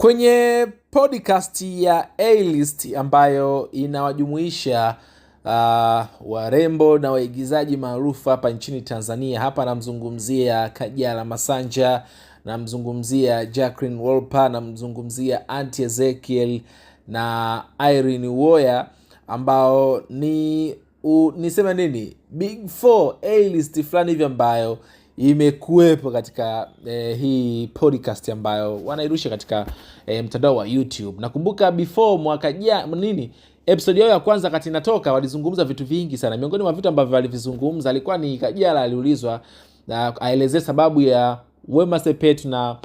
kwenye podcast ya A-List ambayo inawajumuisha uh, warembo na waigizaji maarufu hapa nchini Tanzania. Hapa namzungumzia Kajala Masanja, namzungumzia Jacqueline Wolper, namzungumzia Auntie Ezekiel na Irene woya ambao ni u, niseme nini big four A-List fulani hivi ambayo imekuwepo katika eh, hii podcast ambayo wanairusha katika eh, mtandao wa YouTube. Nakumbuka before mwaka jana nini episodi yao ya kwanza wakati inatoka walizungumza vitu vingi sana. Miongoni mwa vitu ambavyo walivizungumza alikuwa ni Kajala, aliulizwa aelezee sababu ya Wema Sepetu na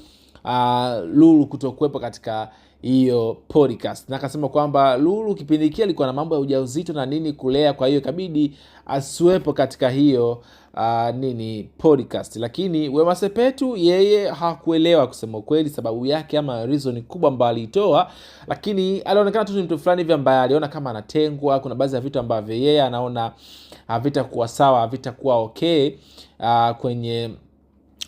uh, Lulu kutokuwepo katika hiyo podcast, na akasema kwamba Lulu kipindi hiki alikuwa na mambo ya ujauzito na nini kulea, kwa hiyo ikabidi asiwepo katika hiyo uh, nini podcast. Lakini Wema Sepetu yeye hakuelewa kusema ukweli, sababu yake ama reason kubwa ambayo alitoa, lakini alionekana tu ni mtu fulani hivi ambaye aliona kama anatengwa. Kuna baadhi ya vitu ambavyo yeye anaona havitakuwa sawa, havitakuwa okay uh, kwenye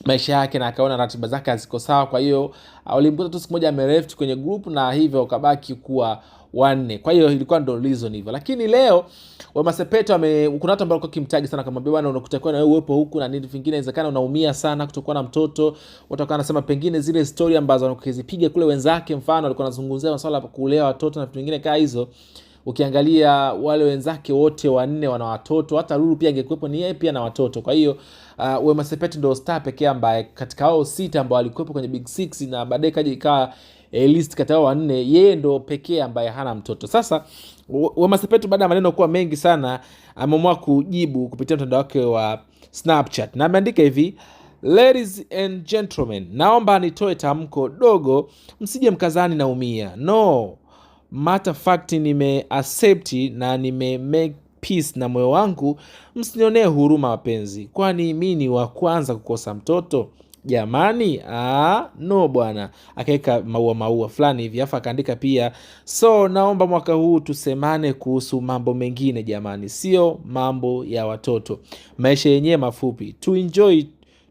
maisha yake na akaona ratiba zake haziko sawa. Kwa hiyo walimkuta ah, tu siku moja amereft kwenye group na hivyo ukabaki kuwa wanne. Kwa hiyo ilikuwa ndo reason hivyo, lakini leo wamasepeto ame, kuna watu ambao kimtaji sana kama bwana, unakutakiwa na wewe uwepo huku na nini vingine, inawezekana unaumia sana kutokuwa na mtoto. Watu wakawa nasema pengine zile story ambazo anakizipiga kule wenzake, mfano alikuwa anazungumzia masuala ya kulea watoto na vitu vingine kaa hizo ukiangalia wale wenzake wote wanne wana watoto, hata Lulu pia angekuwepo, ni yeye pia na watoto. Kwa hiyo uh, Wema Sepetu ndo star pekee ambaye katika hao sita ambao alikuwepo kwenye big six na baadaye kaja ikawa eh, list kati wanne, yeye ndo pekee ambaye hana mtoto. Sasa Wema Sepetu baada ya maneno kuwa mengi sana, ameamua kujibu kupitia mtandao wake wa Snapchat na ameandika hivi Ladies and gentlemen, naomba nitoe tamko dogo, msije mkazani naumia. No, matter fact accept na nime make peace na moyo wangu, msinionee huruma wapenzi, kwani mi ni wa kwanza kukosa mtoto jamani? Ah, no bwana. Akaweka maua maua fulani hivi afu akaandika pia, so naomba mwaka huu tusemane kuhusu mambo mengine jamani, sio mambo ya watoto. Maisha yenyewe mafupi, tuenjoy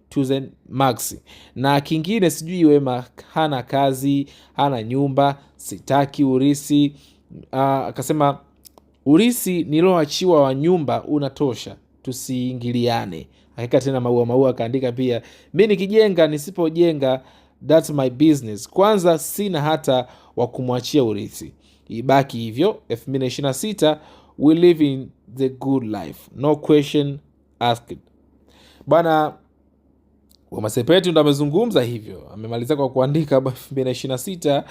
tuzen max. Na kingine sijui Wema hana kazi, hana nyumba, sitaki urisi. Ah, akasema uh, urisi nilioachiwa wa nyumba unatosha, tusiingiliane. akaeka tena maua maua, akaandika pia, mi nikijenga nisipojenga, that's my business. Kwanza sina hata wa kumwachia urithi, ibaki hivyo. 226 we live in the good life, no question asked. Bwana kwa Masepeti ndo amezungumza hivyo, amemaliza kwa kuandika elfu mbili na ishirini na sita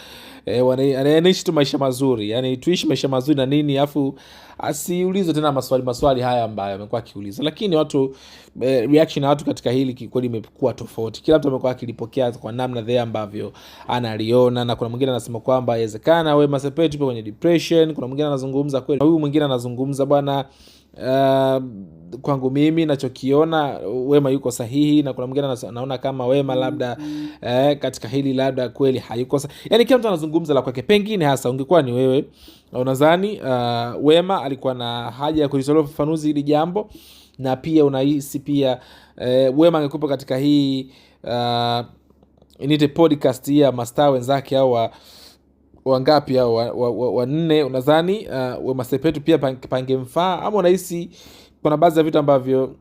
eh, anaishi tu maisha mazuri, yani tuishi maisha mazuri na nini, afu asiulize tena maswali maswali haya ambayo amekuwa akiuliza. Lakini watu eh, reaction ya watu katika hili kikweli imekuwa tofauti, kila mtu amekuwa akilipokea kwa namna dhee ambavyo analiona, na kuna mwingine anasema kwamba awezekana we Masepeti upo kwenye depression, kuna mwingine anazungumza kweli, huyu mwingine anazungumza bwana Uh, kwangu mimi nachokiona Wema yuko sahihi, na kuna mwingine anaona kama Wema mm-hmm. labda eh, katika hili labda kweli hayuko sahihi. Yani kila mtu anazungumza la kwake, pengine hasa ungekuwa ni wewe unadhani uh, Wema alikuwa na haja ya kulitolea ufafanuzi hili jambo, na pia unahisi pia eh, Wema angekupa katika hii uh, podcast ya mastaa wenzake au wangapi hao wanne wa, wa unadhani uh, Wema Sepetu pia pangemfaa ama unahisi kuna baadhi ya vitu ambavyo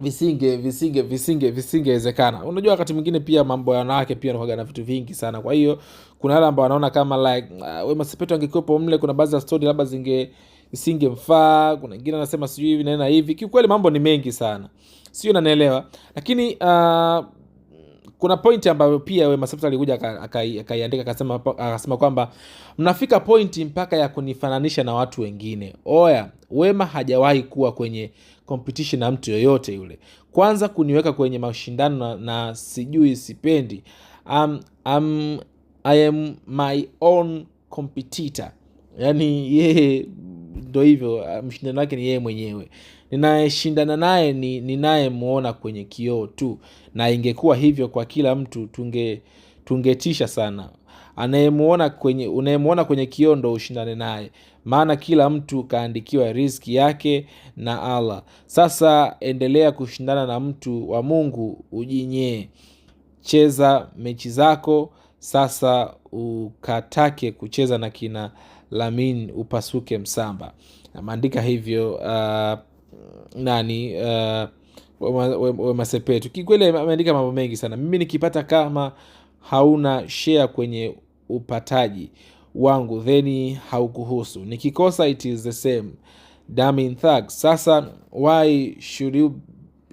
visinge visinge visinge visingewezekana. Unajua, wakati mwingine pia mambo ya wanawake pia yanakuwa na vitu vingi sana. Kwa hiyo kuna wale ambao wanaona kama like uh, Wema Sepetu angekuwepo mle, kuna baadhi ya stori labda zinge isingemfaa. Kuna wengine anasema sijui hivi na hivi. Kiukweli mambo ni mengi sana, sio, nanaelewa lakini uh, kuna pointi ambayo pia Wema Sepetu alikuja akaiandika akasema, akasema kwamba mnafika pointi mpaka ya kunifananisha na watu wengine. Oya, Wema hajawahi kuwa kwenye competition na mtu yoyote yule. Kwanza kuniweka kwenye mashindano na, na sijui sipendi. Um, um, I am my own competitor. Yani yeye ndo hivyo, ah, mshindano wake ni yeye mwenyewe. Ninayeshindana naye ni ninayemwona kwenye kioo tu, na ingekuwa hivyo kwa kila mtu tunge tungetisha sana. Anayemwona kwenye unayemwona kwenye kioo ndo ushindane naye, maana kila mtu kaandikiwa riski yake na Allah. Sasa endelea kushindana na mtu wa Mungu, ujinyee, cheza mechi zako sasa, ukatake kucheza na kina Lamin upasuke msamba. Ameandika hivyo uh, nani uh, Wema Sepetu. Kikweli ameandika mambo mengi sana. Mimi nikipata kama hauna share kwenye upataji wangu theni haukuhusu, nikikosa it is the same thug. Sasa why should you,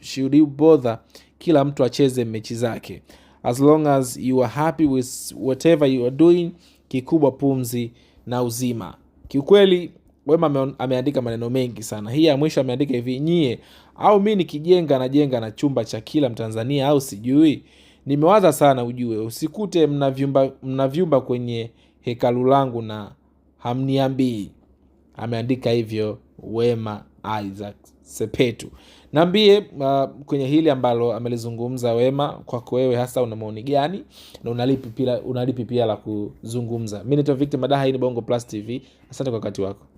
should you bother? Kila mtu acheze mechi zake, as long as you are happy with whatever you are doing. Kikubwa pumzi na uzima. Kiukweli Wema ameandika maneno mengi sana. Hii ya mwisho ameandika hivi: nyie au mi nikijenga najenga na chumba cha kila Mtanzania au sijui nimewaza sana, ujue usikute mna vyumba, mna vyumba kwenye hekalu langu na hamniambii. Ameandika hivyo Wema Isaacs. Sepetu. Niambie uh, kwenye hili ambalo amelizungumza Wema, kwako wewe hasa una maoni gani na unalipi pia, unalipi pia la kuzungumza? Mimi ni Victor Madaha, hii ni Bongo Plus TV. Asante kwa wakati wako.